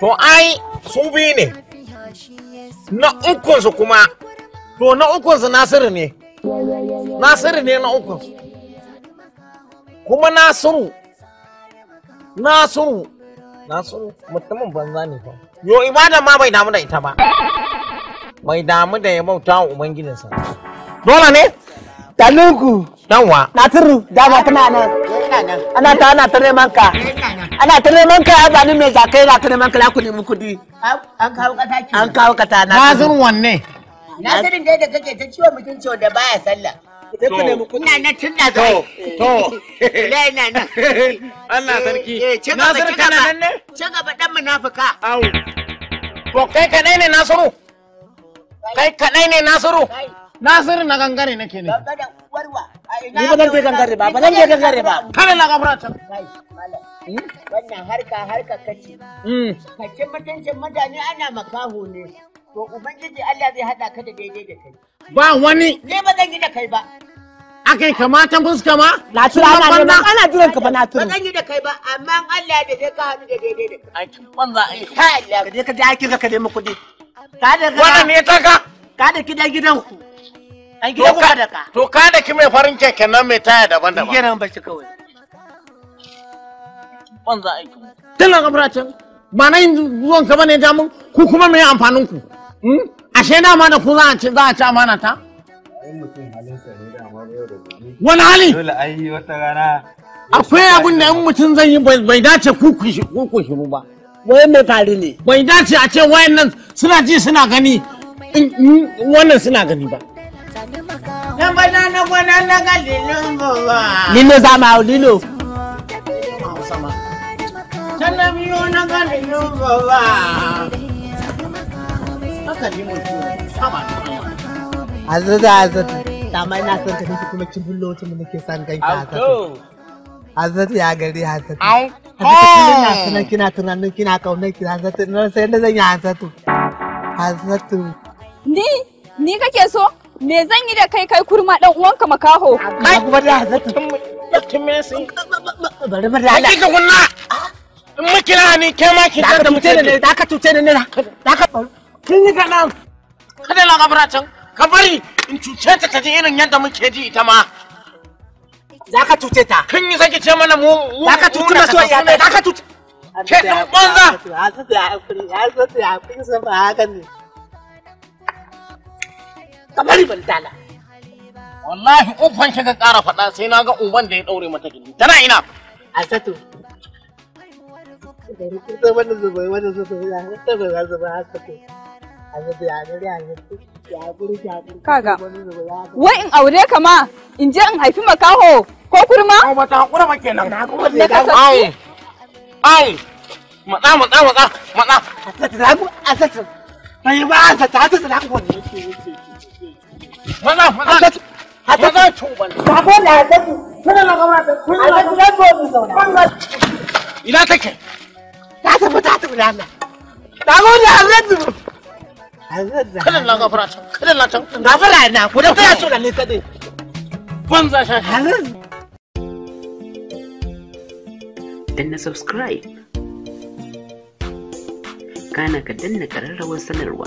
to ai su biyu ne na ukunsu kuma to na ukunsu nasiru ne nasiru ne na ukunsu kuma nasiru nasiru nasiru mutumin banza ne fa yo ibada ma bai damu da ita ba bai damu da ya bauta wa ubangijinsa dole ne Tanuku. Danwa. Nasiru, dama tana nan. Ana ta ana ta neman ka. ana ta neman ka azani mai zakai na ta neman ka ku nemi kudi an kawo kata ki an kawo kata na nazirin wanne nazirin dai da kake ta ciwo mutum ciwo da baya sallah Ina na tun da zai. To. Ila ina na. Allah sarki. Eh, Nasiru kana nan ne? Ci gaba dan munafika. Au. To kai kadai ne Nasiru? Kai kadai ne Nasiru? Kai. Nasir na gangare nake ne. Ni ba zan je gangare ba, ba zan je gangare ba. Kare na gabra ta. Wannan harka harka kace. Hmm. Kace mutuncin mutane ana makaho ne. To ubangiji Allah zai hada ka da daidai da kai. Ba wani. Ni ba zan yi da kai ba. Akai kamata fuska ma? Na tura ana ne ana jiran ka ba na tura. Ba zan yi da kai ba amma Allah da zai ka hadu da daidai da kai. Aikin banza ai. Ka Allah. Ka je ka je aikin ka ka nemi kuɗi. Ka da ka. Wannan me ta ka? Ka da gidan ku. An gida kuma da ka. To ka da ki mai farin keken nan mai taya daban-daban. Gina ba shi kawai. Ban za a yi. Tun can. Ba na yin zuwan ka bane jamun ku kuma mai amfanin ku. Hmm? Ashe na ma da ku za a ci za a ci amana ta. Wani hali? Dole ai wata rana. Akwai abin da in mutum zan yi bai dace ku ku shiru ba. Wai mai tare ne. Bai dace a ce wayan nan suna ji suna gani. Wannan suna gani ba. Lilo sama o lilo. Sannan biyo na ga lilo baba. Haka ne mutum sama Azuta azuta. Dama ina son ka nake kuma kin bullo wacce nake son ganki azuta. Azuta ya gari azuta. Ina tunan kina tunanin kina kaunar ki azuta na sai da zan yi azuta. Azuta. Ni ni kake so? Me zan yi da kai kai kurma dan uwanka makaho? me sun bari da mutum ne da ka tuce ne da ka kin yi Kada la can ka bari in cuce ta ta ji irin yadda muke ji ita ma. Za ka ta. Kin yi sake ce mana mu Za ka za ka Ke kamar bantala wallahi uban ka ƙara faɗa sai na ga uban da ya ɗaure mata gini. tana ina a sato wai in aure kama in je in haifi makaho ko kurma? Na kuma Matsa matsa matsa matsa. ba maza ka na da ina take ta tafi ta tafi lana ta go da hasabu na gafara ta kada na ta gafara na ku da ta so ne kadai banza sha danna subscribe kana ka danna kararrawar sanarwa